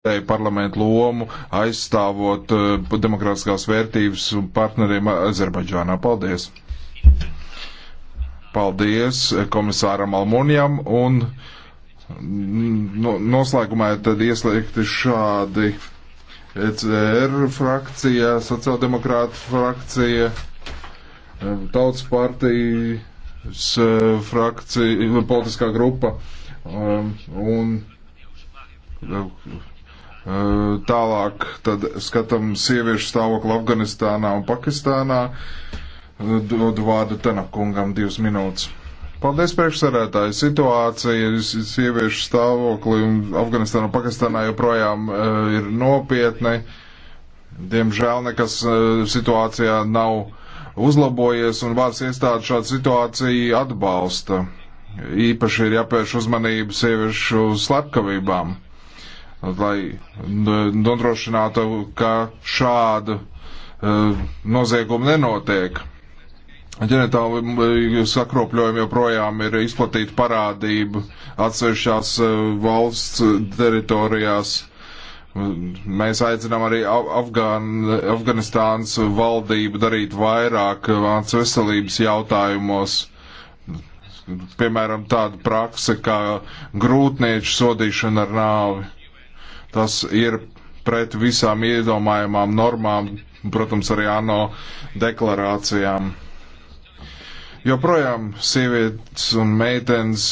parlamentu lomu aizstāvot uh, demokrātiskās vērtības partneriem Azerbaidžānā. Paldies! Paldies komisāram Almunijam un mm, no, noslēgumā tad ieslēgti šādi ECR frakcija, sociāldemokrāta frakcija, eh, tautas partijas eh, frakcija, politiskā grupa um, un Eh, tālāk tad skatām sieviešu stāvokli Afganistānā un Pakistānā. Eh, Dodu vārdu Tenakungam divas minūtes. Paldies, priekšsarētāji. Situācija sieviešu stāvokli Afganistānā un Pakistānā joprojām eh, ir nopietna. Diemžēl nekas situācijā nav uzlabojies un vārds iestāde šādu situāciju atbalsta. Īpaši ir jāpērš uzmanība sieviešu slepkavībām lai nodrošinātu, ka šāda uh, nozieguma nenotiek. Ģenitāli e, sakropļojumi joprojām ir izplatīta parādība atsevišķās uh, valsts teritorijās. Mēs aicinām arī Afgan, Afganistānas valdību darīt vairāk vācu veselības jautājumos. Piemēram, tāda prakse kā grūtnieču sodīšana ar nāvi. Tas ir pret visām iedomājamām normām, protams, arī ANO deklarācijām. Joprojām sievietes un meitenes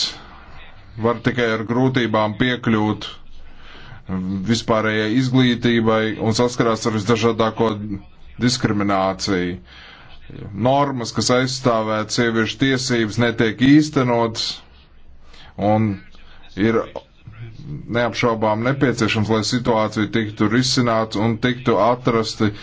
var tikai ar grūtībām piekļūt vispārējai izglītībai un saskarās ar visdažādāko diskrimināciju. Normas, kas aizstāvēt sieviešu tiesības, netiek īstenotas un ir neapšaubām nepieciešams, lai situācija tiktu risināta un tiktu atrasti eh,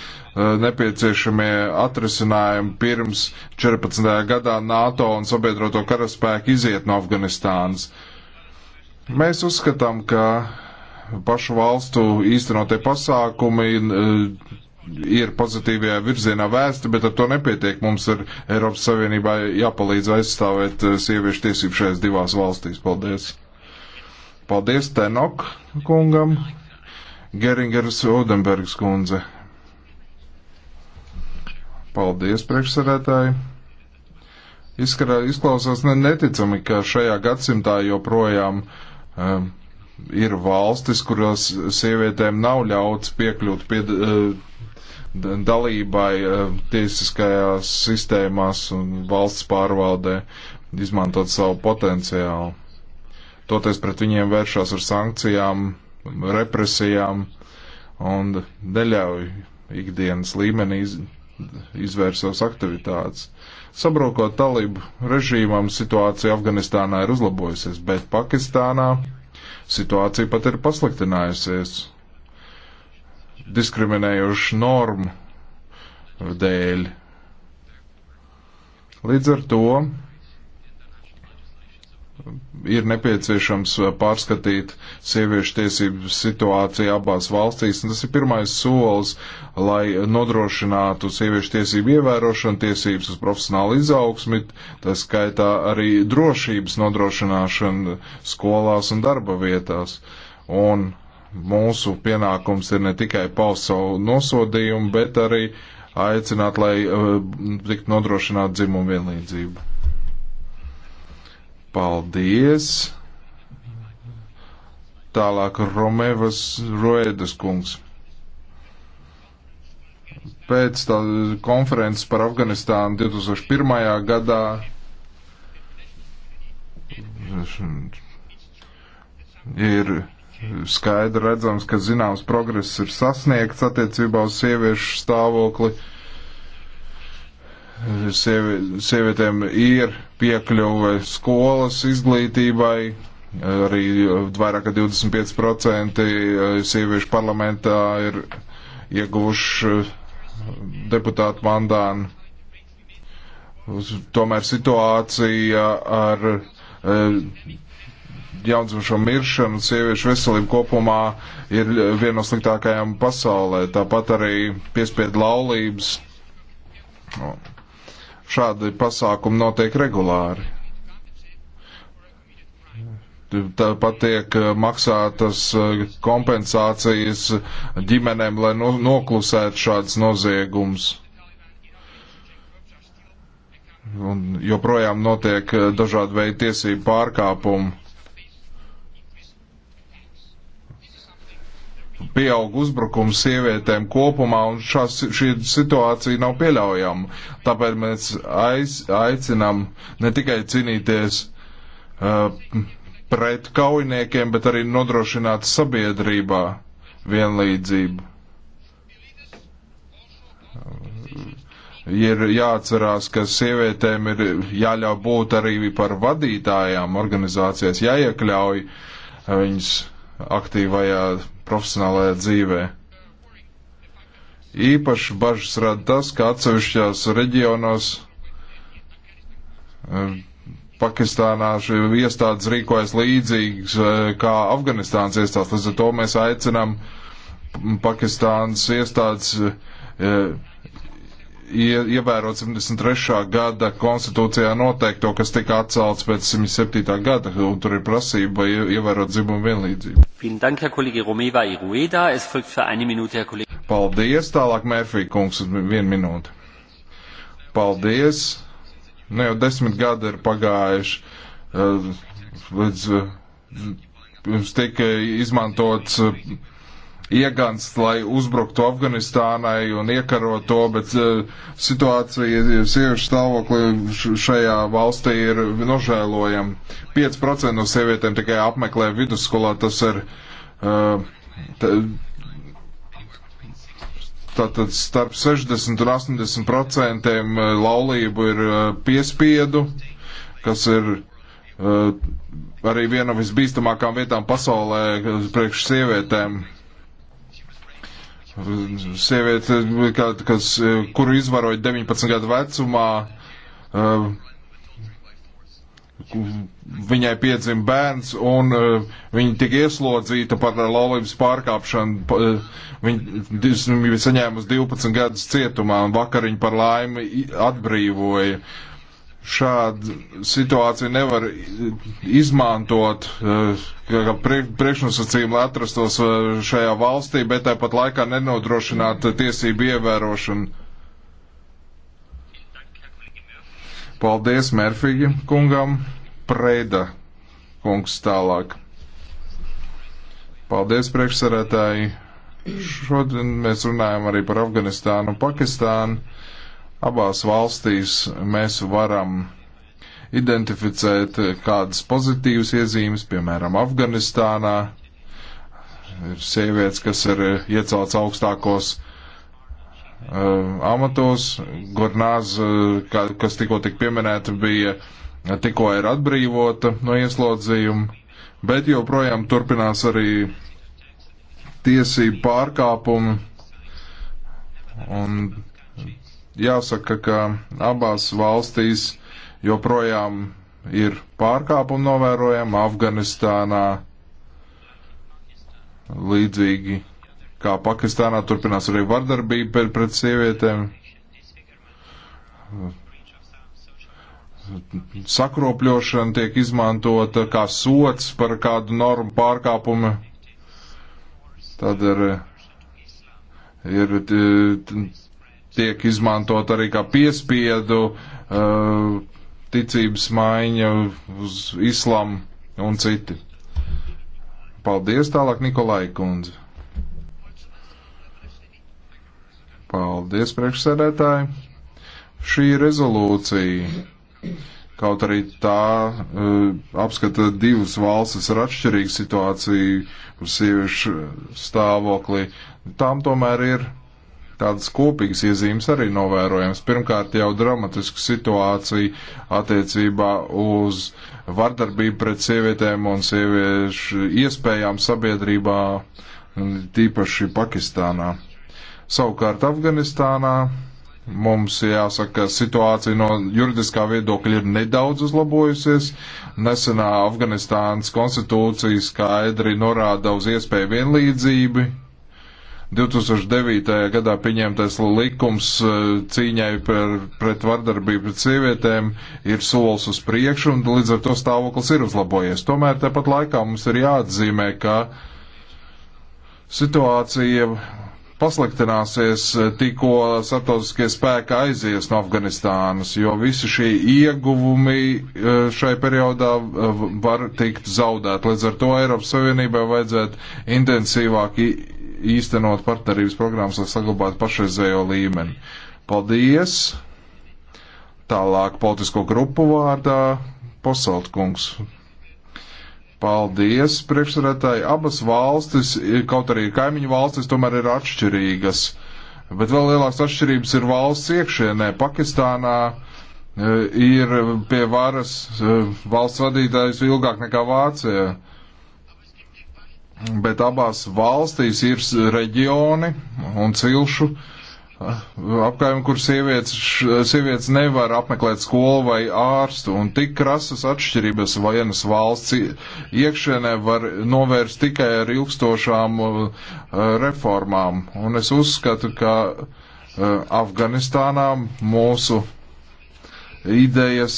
nepieciešamie atrisinājumi pirms 14. gadā NATO un sabiedroto karaspēku iziet no Afganistānas. Mēs uzskatām, ka pašu valstu īstenotie pasākumi eh, ir pozitīvajā virzienā vēsti, bet ar to nepietiek. Mums ir Eiropas Savienībā jāpalīdz aizstāvēt eh, sieviešu tiesību šajās divās valstīs. Paldies! Paldies Tenok kungam, Geringers Odenbergs kundze. Paldies, priekšsarētāji. Izskarā, izklausās ne, neticami, ka šajā gadsimtā joprojām um, ir valstis, kurās sievietēm nav ļauts piekļūt pie. Uh, dalībai uh, tiesiskajās sistēmās un valsts pārvaldē, izmantot savu potenciālu toties pret viņiem vēršās ar sankcijām, represijām un neļauj ikdienas līmenī iz, izvērst savas aktivitātes. Sabrokot talību režīmam, situācija Afganistānā ir uzlabojusies, bet Pakistānā situācija pat ir pasliktinājusies diskriminējošu normu dēļ. Līdz ar to ir nepieciešams uh, pārskatīt sieviešu tiesību situāciju abās valstīs, un tas ir pirmais solis, lai nodrošinātu sieviešu tiesību ievērošanu, tiesības uz profesionālu izaugsmi, tā skaitā arī drošības nodrošināšanu skolās un darba vietās. Un mūsu pienākums ir ne tikai paust savu nosodījumu, bet arī aicināt, lai uh, tiktu nodrošināt dzimumu vienlīdzību. Paldies! Tālāk Romevas Roedas kungs. Pēc tā konferences par Afganistānu 2001. gadā ir skaidri redzams, ka zināms progress ir sasniegts attiecībā uz sieviešu stāvokli sievi, sievietēm ir piekļuve skolas izglītībai, arī vairāk kā 25% eh, sieviešu parlamentā ir ieguvuši eh, deputātu mandānu. Tomēr situācija ar eh, jaundzimušo miršanu, sieviešu veselību kopumā ir viena no sliktākajām pasaulē. Tāpat arī piespiedu laulības. No Šādi pasākumi notiek regulāri. Tāpat tiek eh, maksātas eh, kompensācijas ģimenēm, lai no, noklusētu šādas noziegumus. Un joprojām notiek eh, dažādi veidi tiesību pārkāpumi pieaug uzbrukums sievietēm kopumā, un šā, šī situācija nav pieļaujama. Tāpēc mēs aiz, aicinām ne tikai cīnīties uh, pret kaujiniekiem, bet arī nodrošināt sabiedrībā vienlīdzību. Ir jāatcerās, ka sievietēm ir jāļauj būt arī par vadītājām organizācijās, jāiekļauj viņas aktīvajā profesionālajā dzīvē. Īpaši bažas rada tas, ka atsevišķās reģionos eh, Pakistānā šī iestādes rīkojas līdzīgs eh, kā Afganistānas iestādes. Līdz ar to mēs aicinām Pakistānas iestādes eh, ievērot 73. gada konstitūcijā noteikto, kas tika atcelts pēc 107. gada, un tur ir prasība ievērot dzimumu vienlīdzību. Paldies, tālāk Mērfī kungs, vienu minūti. Paldies. Ne nu jau desmit gadi ir pagājuši uh, līdz uh, eh, pirms tika izmantots. Uh, iegans, lai uzbruktu Afganistānai un iekarot to, bet e, situācija e, sieviešu stāvokli šajā valstī ir nožēlojama. 5% no sievietēm tikai apmeklē vidusskolā, tas ir. E, tātad starp 60 un 80 procentiem laulību ir piespiedu, kas ir Uh, arī viena no visbīstamākām vietām pasaulē priekš sievietēm. Sieviete, kas, kuru izvaroja 19 gadu vecumā, eh, viņai piedzima bērns, un uh, viņa tika ieslodzīta par laulības pārkāpšanu. Eh, viņa bija saņēmusi 12 gadus cietumā, un vakar viņa par laimi atbrīvoja šādu situāciju nevar izmantot eh, kā priekšnosacījumu, lai atrastos eh, šajā valstī, bet tāpat laikā nenodrošināt tiesību ievērošanu. Paldies Merfīgi kungam, Preda kungs tālāk. Paldies priekšsarētāji. Šodien mēs runājam arī par Afganistānu un Pakistānu Abās valstīs mēs varam identificēt kādas pozitīvas iezīmes, piemēram, Afganistānā. Ir sievietes, kas ir iecelts augstākos uh, amatos. Gornāz, uh, kas tikko tik pieminēta, bija tikko ir atbrīvota no ieslodzījuma, bet joprojām turpinās arī tiesību pārkāpumi. Un jāsaka, ka abās valstīs joprojām ir pārkāpumi novērojami Afganistānā līdzīgi kā Pakistānā turpinās arī vardarbība pret, pret sievietēm. Sakropļošana tiek izmantota kā sots par kādu normu pārkāpumu. Tad ir, ir tiek izmantot arī kā piespiedu uh, ticības maiņa uz islamu un citi. Paldies tālāk Nikolai Kundze. Paldies priekšsēdētāji. Šī rezolūcija, kaut arī tā uh, apskata divas valstis ar atšķirīgu situāciju, kur sieviešu stāvokli, tām tomēr ir Tādas kopīgas iezīmes arī novērojams. Pirmkārt, jau dramatisku situāciju attiecībā uz vardarbību pret sievietēm un sieviešu iespējām sabiedrībā, tīpaši Pakistānā. Savukārt Afganistānā Mums jāsaka, situācija no juridiskā viedokļa ir nedaudz uzlabojusies. Nesenā Afganistānas konstitūcija skaidri norāda uz iespēju vienlīdzību, 2009. gadā pieņemtais likums e, cīņai par, pret vardarbību pret sievietēm ir solis uz priekšu, un līdz ar to stāvoklis ir uzlabojies. Tomēr tāpat laikā mums ir jāatzīmē, ka situācija pasliktināsies, e, tikko starptautiskie spēki aizies no Afganistānas, jo visi šie ieguvumi e, šai periodā var tikt zaudēt. Līdz ar to Eiropas Savienībai vajadzētu intensīvāk īstenot partnerības programmas, lai saglabātu pašreizējo līmeni. Paldies! Tālāk politisko grupu vārdā Posaltkungs. Paldies, priekšsarētāji. Abas valstis, kaut arī kaimiņu valstis, tomēr ir atšķirīgas. Bet vēl lielākas atšķirības ir valsts iekšienē. Pakistānā e, ir pie varas e, valsts vadītājs ilgāk nekā Vācijā bet abās valstīs ir reģioni un cilšu eh, apkārtni, kur sievietes, sievietes nevar apmeklēt skolu vai ārstu, un tik krasas atšķirības vienas valsts iekšēnē var novērst tikai ar ilgstošām eh, reformām. Un es uzskatu, ka eh, Afganistānā mūsu idejas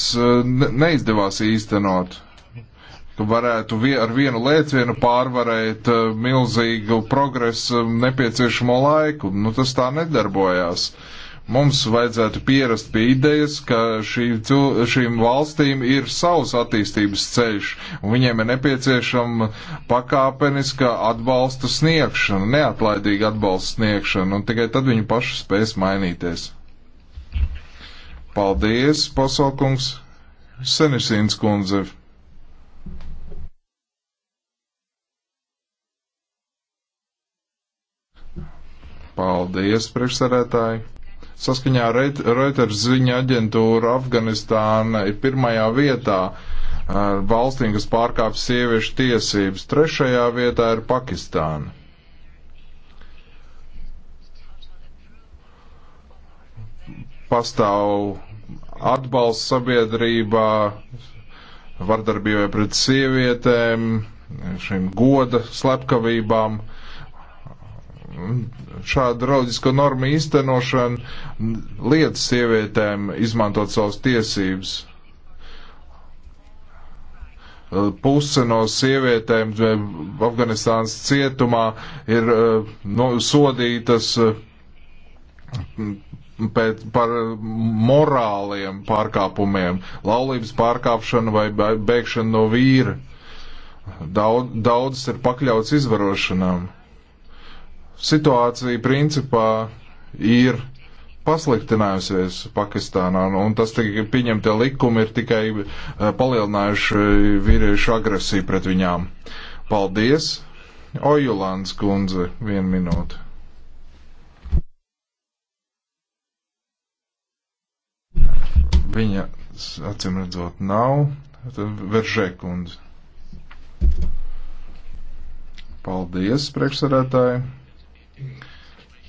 neizdevās īstenot ka varētu ar vienu lēcienu pārvarēt eh, milzīgu progresu eh, nepieciešamo laiku. Nu, tas tā nedarbojās. Mums vajadzētu pierast pie idejas, ka šī, šīm valstīm ir savs attīstības ceļš, un viņiem ir nepieciešama pakāpeniska atbalsta sniegšana, neatlaidīga atbalsta sniegšana, un tikai tad viņi paši spēs mainīties. Paldies, pasaukums, Senisīns kundze. Paldies, priekšsarētāji! Saskaņā ar Reuters ziņa aģentūra Afganistāna ir pirmajā vietā ar valstīm, kas pārkāpj sieviešu tiesības. Trešajā vietā ir Pakistāna. Pastāv atbalsts sabiedrībā vardarbībai pret sievietēm, šīm goda slepkavībām. Uh, šādu raudisko normu īstenošana liedz sievietēm izmantot savas tiesības. Puse no sievietēm eh, Afganistānas cietumā ir eh, no, sodītas eh, pēc, par morāliem pārkāpumiem, laulības pārkāpšanu vai bēgšanu no vīra. Daudz, daudz ir pakļauts izvarošanām situācija principā ir pasliktinājusies Pakistānā, nu, un tas tikai pieņemtie likumi ir tikai eh, palielinājuši vīriešu agresiju pret viņām. Paldies! Ojulāns kundze, vienu minūti. Viņa acīm redzot nav. Tad veržē kundze. Paldies, priekšsarētāji!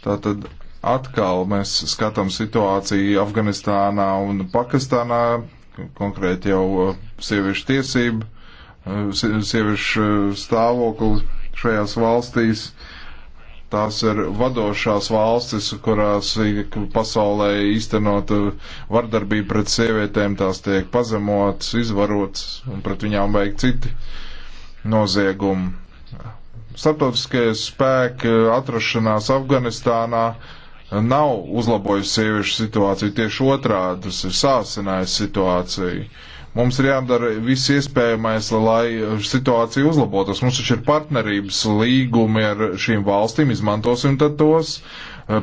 Tātad atkal mēs skatām situāciju Afganistānā un Pakistānā, konkrēti jau uh, sieviešu tiesību, uh, sieviešu uh, stāvokli šajās valstīs. Tās ir vadošās valstis, kurās pasaulē īstenot vardarbību pret sievietēm, tās tiek pazemotas, izvarotas un pret viņām veik citi noziegumi starptautiskie spēki atrašanās Afganistānā nav uzlabojusi sieviešu situāciju. Tieši otrādi tas ir sāsinājis situāciju. Mums ir jādara viss iespējamais, lai situācija uzlabotos. Mums taču ir partnerības līgumi ar šīm valstīm, izmantosim tad tos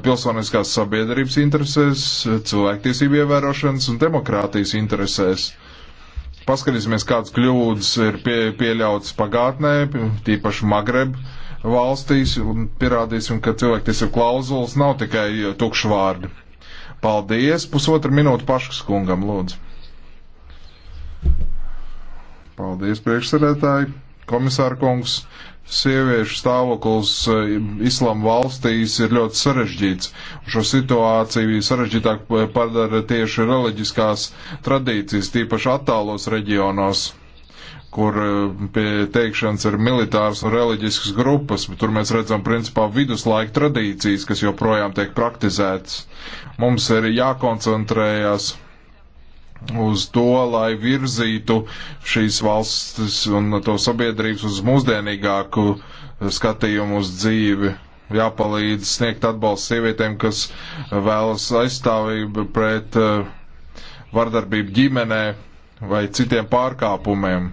pilsoniskās sabiedrības interesēs, cilvēktiesību ievērošanas un demokrātijas interesēs. Paskatīsimies, kādas kļūdas ir pie, pieļautas pagātnē, tīpaši Magreb valstīs, un pierādīsim, ka cilvēktiesību klauzulas nav tikai tukšvārdi. Paldies! Pusotra minūte pašas kungam, lūdzu. Paldies, priekšsēdētāji! komisārkungs, sieviešu stāvoklis eh, islāma valstīs ir ļoti sarežģīts. Šo situāciju sarežģītāk padara tieši reliģiskās tradīcijas, tīpaši attālos reģionos kur eh, pie teikšanas ir militārs un reliģisks grupas, bet tur mēs redzam principā viduslaika tradīcijas, kas joprojām tiek praktizētas. Mums ir jākoncentrējas uz to, lai virzītu šīs valstis un to sabiedrības uz mūsdienīgāku skatījumu uz dzīvi. Jāpalīdz sniegt atbalstu sievietēm, kas vēlas aizstāvību pret eh, vardarbību ģimenē vai citiem pārkāpumiem.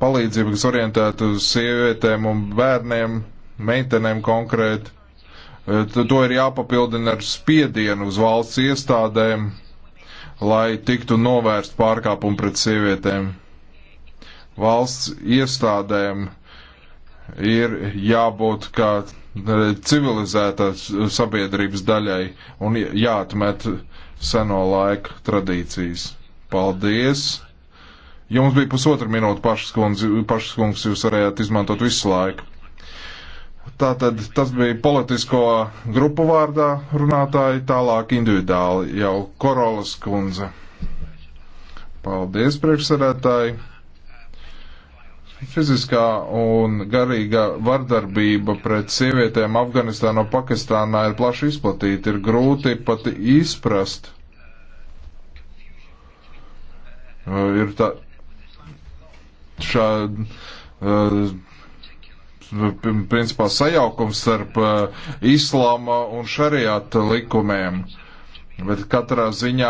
Palīdzība, kas orientēta uz sievietēm un bērniem, meitenēm konkrēti, eh, to ir jāpapildina ar spiedienu uz valsts iestādēm, lai tiktu novērst pārkāpumu pret sievietēm. Valsts iestādēm ir jābūt kā e, civilizētās sabiedrības daļai un jāatmet seno laiku tradīcijas. Paldies! Jums bija pusotra minūte pašas kungs, pašas kungs, jūs varējāt izmantot visu laiku. Tātad tas bija politisko grupu vārdā runātāji, tālāk individuāli jau Korolas kundze. Paldies, priekšsarētāji! Fiziskā un garīga vardarbība pret sievietēm Afganistānā un Pakistānā ir plaši izplatīta, ir grūti pat izprast. Uh, ir tā, šāda. Uh, principā sajaukums starp eh, islāma un šariāta likumiem. Bet katrā ziņā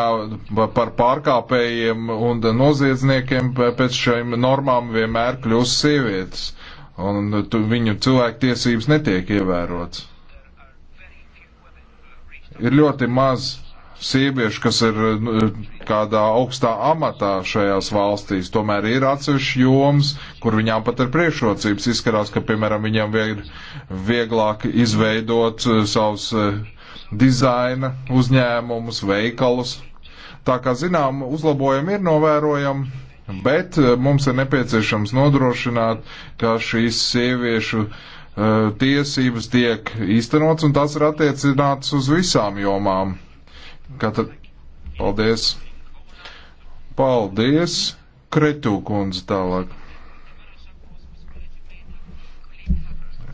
par pārkāpējiem un noziedzniekiem pēc šiem normām vienmēr kļūst sievietes, un tu, viņu cilvēktiesības netiek ievērots. Ir ļoti maz sieviešu, kas ir nu, kādā augstā amatā šajās valstīs. Tomēr ir atsevišķi joms, kur viņām pat ir priekšrocības. Izskatās, ka, piemēram, viņam ir vieglāk izveidot eh, savus eh, dizaina uzņēmumus, veikalus. Tā kā zinām, uzlabojumi ir novērojami, bet eh, mums ir nepieciešams nodrošināt, ka šīs sieviešu tiesības tiek īstenots un tas ir attiecināts uz visām jomām Katra... Paldies! Paldies! Kretu kundze tālāk.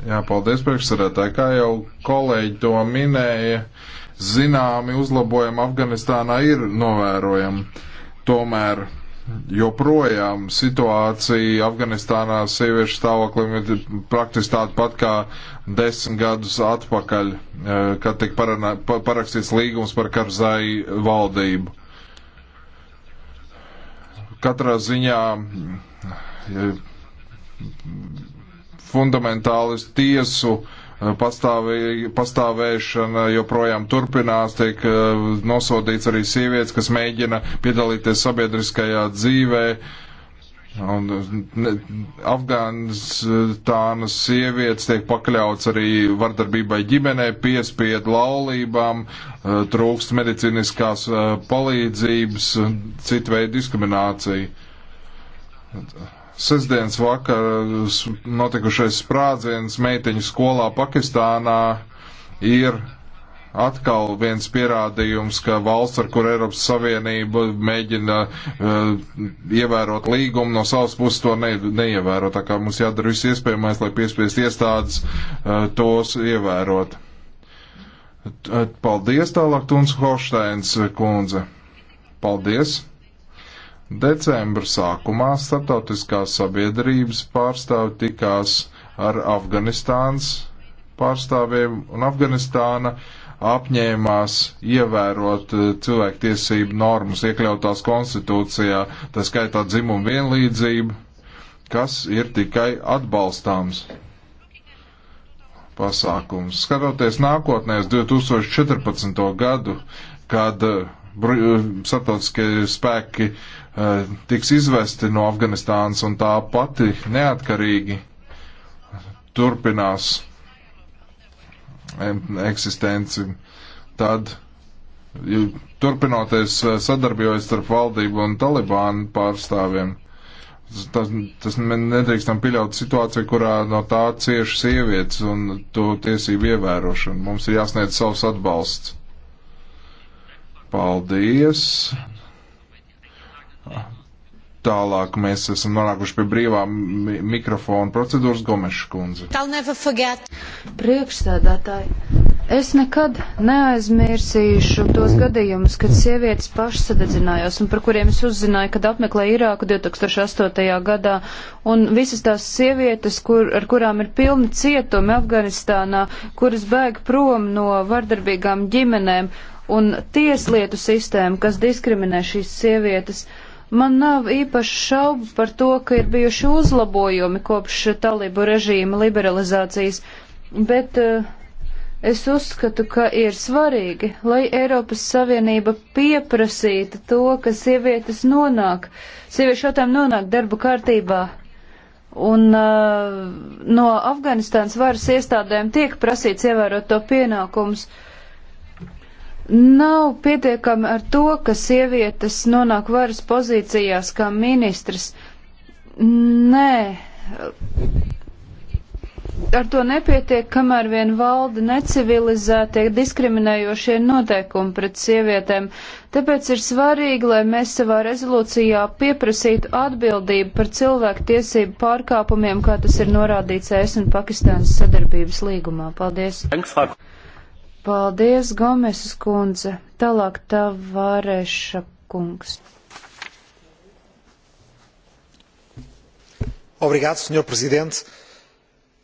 Jā, paldies priekšsarētāji. Kā jau kolēģi to minēja, zināmi uzlabojumi Afganistānā ir novērojami. Tomēr joprojām situācija Afganistānā sieviešu stāvoklim ir praktiski tāda pat kā desmit gadus atpakaļ, eh, kad tika parakstīts līgums par Karzai valdību. Katrā ziņā eh, fundamentālistu tiesu uh, pastāvē, pastāvēšana joprojām turpinās, tiek eh, nosodīts arī sievietes, kas mēģina piedalīties sabiedriskajā dzīvē. Un ne, Afganistānas sievietes tiek pakļauts arī vardarbībai ģimenē, piespiedu laulībām, eh, trūkst medicīniskās eh, palīdzības, citu veidu diskriminācija sestdienas vakarā notikušais sprādziens meiteņu skolā Pakistānā ir atkal viens pierādījums, ka valsts, ar kur Eiropas Savienība mēģina uh, ievērot līgumu, no savas puses to ne, neievēro. Tā kā mums jādara viss iespējamais, lai piespiest iestādes uh, tos ievērot. T -t Paldies tālāk, Tuns Hošteins kundze. Paldies! Decembra sākumā starptautiskās sabiedrības pārstāvi tikās ar Afganistānas pārstāvjiem, un Afganistāna apņēmās ievērot eh, cilvēktiesību normas iekļautās konstitūcijā, tā skaitā dzimuma vienlīdzību, kas ir tikai atbalstāms pasākums. Skatoties nākotnē, 2014. gadu, kad eh, Eh, starptautiskie spēki eh, tiks izvesti no Afganistānas un tā pati neatkarīgi turpinās eksistenci, tad turpinoties eh, sadarbojoties starp valdību un Talibānu pārstāvjiem. Tas, tas nedrīkstam pieļaut situāciju, kurā no tā cieši sievietes un to tiesību ievērošana. Mums ir jāsniedz savs atbalsts. Paldies! Tālāk mēs esam nonākuši pie brīvā mi mikrofona procedūras Gomeša kundze. Priekšsēdētāji, es nekad neaizmirsīšu tos gadījumus, kad sievietes pašsadedzinājās un par kuriem es uzzināju, kad apmeklēju Irāku 2008. gadā. Un visas tās sievietes, kur, ar kurām ir pilni cietumi Afganistānā, kuras bēg prom no vardarbīgām ģimenēm un tieslietu sistēmu, kas diskriminē šīs sievietes. Man nav īpaši šaubu par to, ka ir bijuši uzlabojumi kopš talibu režīma liberalizācijas, bet uh, es uzskatu, ka ir svarīgi, lai Eiropas Savienība pieprasītu to, ka sievietes nonāk, sieviešu jautājumu nonāk darba kārtībā Un uh, no Afganistānas varas iestādēm tiek prasīts ievērot to pienākums. Uh, Nav pietiekami ar to, ka sievietes nonāk varas pozīcijās kā ministrs. Nē, ar to nepietiek, kamēr vien valda necivilizētie diskriminējošie noteikumi pret sievietēm. Tāpēc ir svarīgi, lai mēs savā rezolūcijā pieprasītu atbildību par cilvēku tiesību pārkāpumiem, kā tas ir norādīts ES un Pakistānas sadarbības līgumā. Paldies! Thanks, Paldies, Gomesas kundze. Tālāk tā varēša kungs. Obrigado, senhor presidente.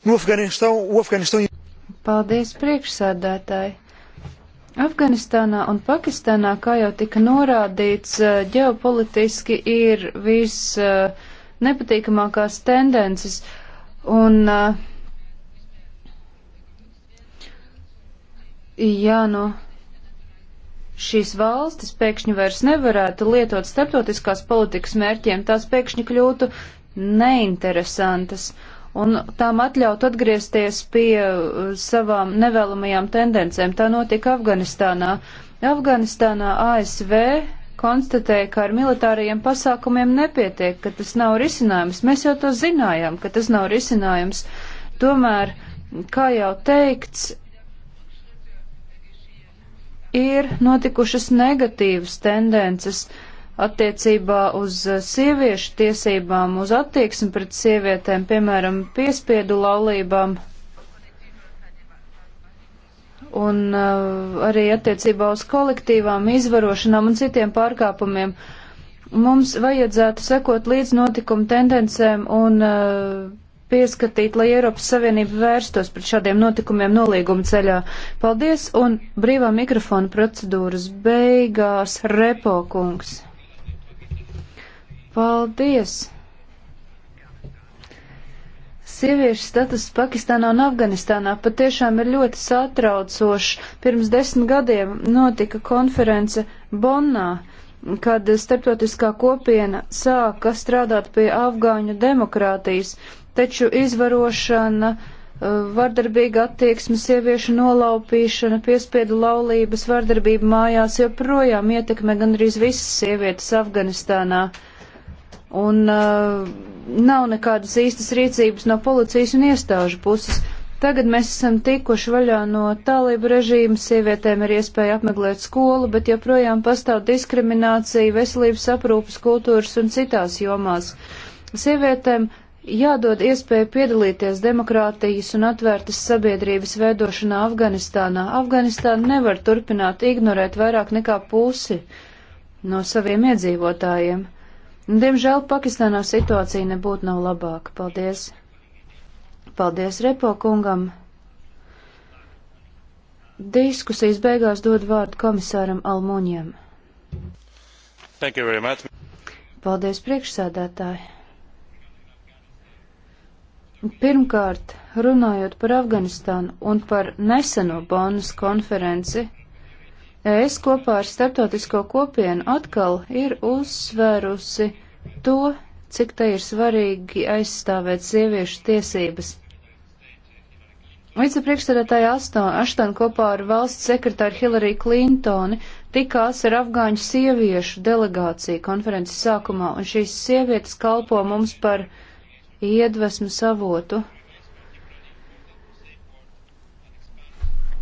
No Afeganistão, o Afeganistão. Paldies, priekšsēdētāji. Afganistānā un Pakistānā, kā jau tika norādīts, eh, ģeopolitiski ir visnepatīkamākās eh, tendences. Un uh, ja nu šīs valstis pēkšņi vairs nevarētu lietot starptautiskās politikas mērķiem, tās pēkšņi kļūtu neinteresantas un tām atļaut atgriezties pie uh, savām nevēlamajām tendencēm. Tā notika Afganistānā. Afganistānā ASV konstatēja, ka ar militārajiem pasākumiem nepietiek, ka tas nav risinājums. Mēs jau to zinājām, ka tas nav risinājums. Tomēr, kā jau teikts, ir notikušas negatīvas tendences attiecībā uz eh, sieviešu tiesībām, uz attieksmi pret sievietēm, piemēram, piespiedu laulībām un uh, arī attiecībā uz kolektīvām izvarošanām un citiem pārkāpumiem. Mums vajadzētu sekot līdz notikumu tendencēm un uh, pieskatīt, lai Eiropas Savienība vērstos pret šādiem notikumiem nolīguma ceļā. Paldies, un brīvā mikrofona procedūras beigās Repo kungs. Paldies! Sieviešu status Pakistānā un Afganistānā patiešām ir ļoti satraucošs. Pirms desmit gadiem notika konference Bonnā, kad starptautiskā kopiena sāka strādāt pie afgāņu demokrātijas taču izvarošana, eh, vardarbīga attieksme, sieviešu nolaupīšana, piespiedu laulības, vardarbība mājās joprojām ietekmē gandrīz visas sievietes Afganistānā. Un uh, nav nekādas īstas rīcības no policijas un iestāžu puses. Tagad mēs esam tikuši vaļā no tālību režīma, sievietēm ir iespēja apmeklēt skolu, bet joprojām pastāv diskriminācija veselības aprūpas, kultūras un citās jomās. Sievietēm jādod iespēja piedalīties demokrātijas un atvērtas sabiedrības veidošanā Afganistānā. Afganistāna nevar turpināt ignorēt vairāk nekā pusi no saviem iedzīvotājiem. Diemžēl Pakistānā situācija nebūtu nav labāka. Paldies! Paldies Repo kungam! Diskusijas beigās dod vārdu komisāram Almuņiem. Paldies priekšsēdētāji! Pirmkārt, runājot par Afganistānu un par neseno Bonas konferenci, es kopā ar starptautisko kopienu atkal ir uzsvērusi to, cik tai ir svarīgi aizstāvēt sieviešu tiesības. Vicepriekšsēdētāja Aštana kopā ar valsts sekretāru Hillary Clintoni tikās ar afgāņu sieviešu delegāciju konferences sākumā, un šīs sievietes kalpo mums par uh, iedvesmu savotu.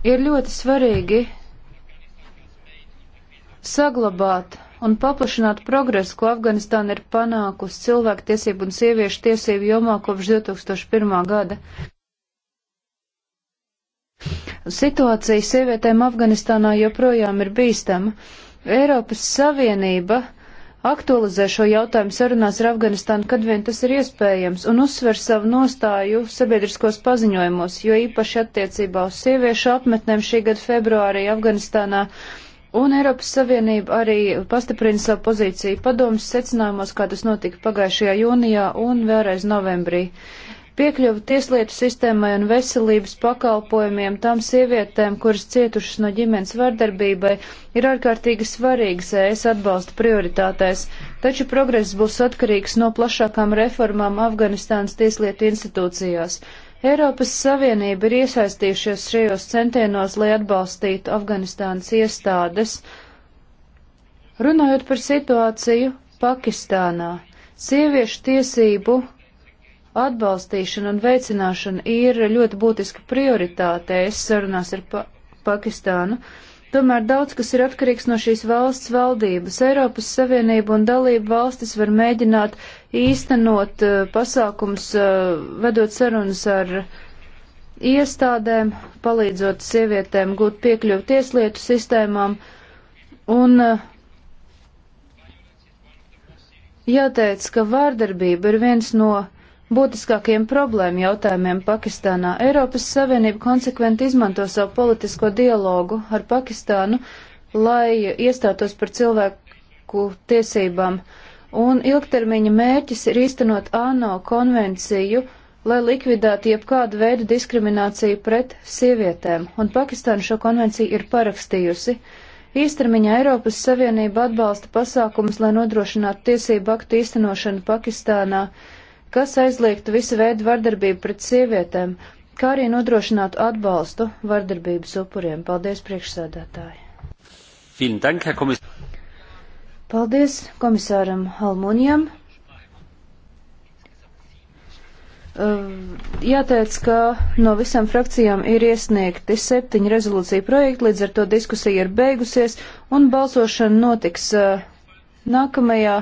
Ir ļoti svarīgi saglabāt un paplašināt progresu, ko Afganistāna ir panākusi cilvēktiesību un sieviešu tiesību jomā kopš 2001. gada. Situācija sievietēm Afganistānā joprojām ir bīstama. Eiropas Savienība aktualizē šo jautājumu sarunās ar Afganistānu, kad vien tas ir iespējams, un uzsver savu nostāju sabiedriskos paziņojumos, jo īpaši attiecībā uz sieviešu apmetnēm šī gada februārī Afganistānā. Un Eiropas Savienība arī pastiprina savu pozīciju padomus secinājumos, kā tas notika pagājušajā jūnijā un vēlreiz novembrī. Uh, Piekļuva tieslietu sistēmai un veselības pakalpojumiem tām sievietēm, kuras cietušas no ģimenes vardarbībai, ir ārkārtīgi svarīgas ES atbalsta prioritātēs, taču progress būs atkarīgs no plašākām reformām Afganistānas tieslietu institūcijās. Eiropas Savienība ir iesaistījušies šajos centienos, lai atbalstītu Afganistānas iestādes. Runājot par situāciju Pakistānā, sieviešu tiesību atbalstīšana un veicināšana ir ļoti būtiska prioritāte es sarunās ar pa Pakistānu. Tomēr daudz kas ir atkarīgs no šīs valsts valdības. Eiropas Savienība un dalība valstis var mēģināt īstenot eh, pasākums, eh, vedot sarunas ar iestādēm, palīdzot sievietēm gūt piekļuvu tieslietu sistēmām. Un eh, jāteic, ka vārdarbība ir viens no būtiskākiem problēmu jautājumiem Pakistānā. Eiropas Savienība konsekventi izmanto savu politisko dialogu ar Pakistānu, lai iestātos par cilvēku tiesībām, un ilgtermiņa mērķis ir īstenot ANO konvenciju, lai likvidētu jebkādu veidu diskrimināciju pret sievietēm, un Pakistāna šo konvenciju ir parakstījusi. Īstermiņā Eiropas Savienība atbalsta pasākumus, lai nodrošinātu tiesību aktu īstenošanu Pakistānā kas aizliegtu visu veidu vardarbību pret sievietēm, kā arī nodrošinātu atbalstu vardarbības upuriem. Paldies, priekšsēdētāji! Paldies komisāram Almunijam! Uh, jāteic, ka no visām frakcijām ir iesniegti septiņi rezolūcija projekti, līdz ar to diskusija ir beigusies un balsošana notiks uh, nākamajā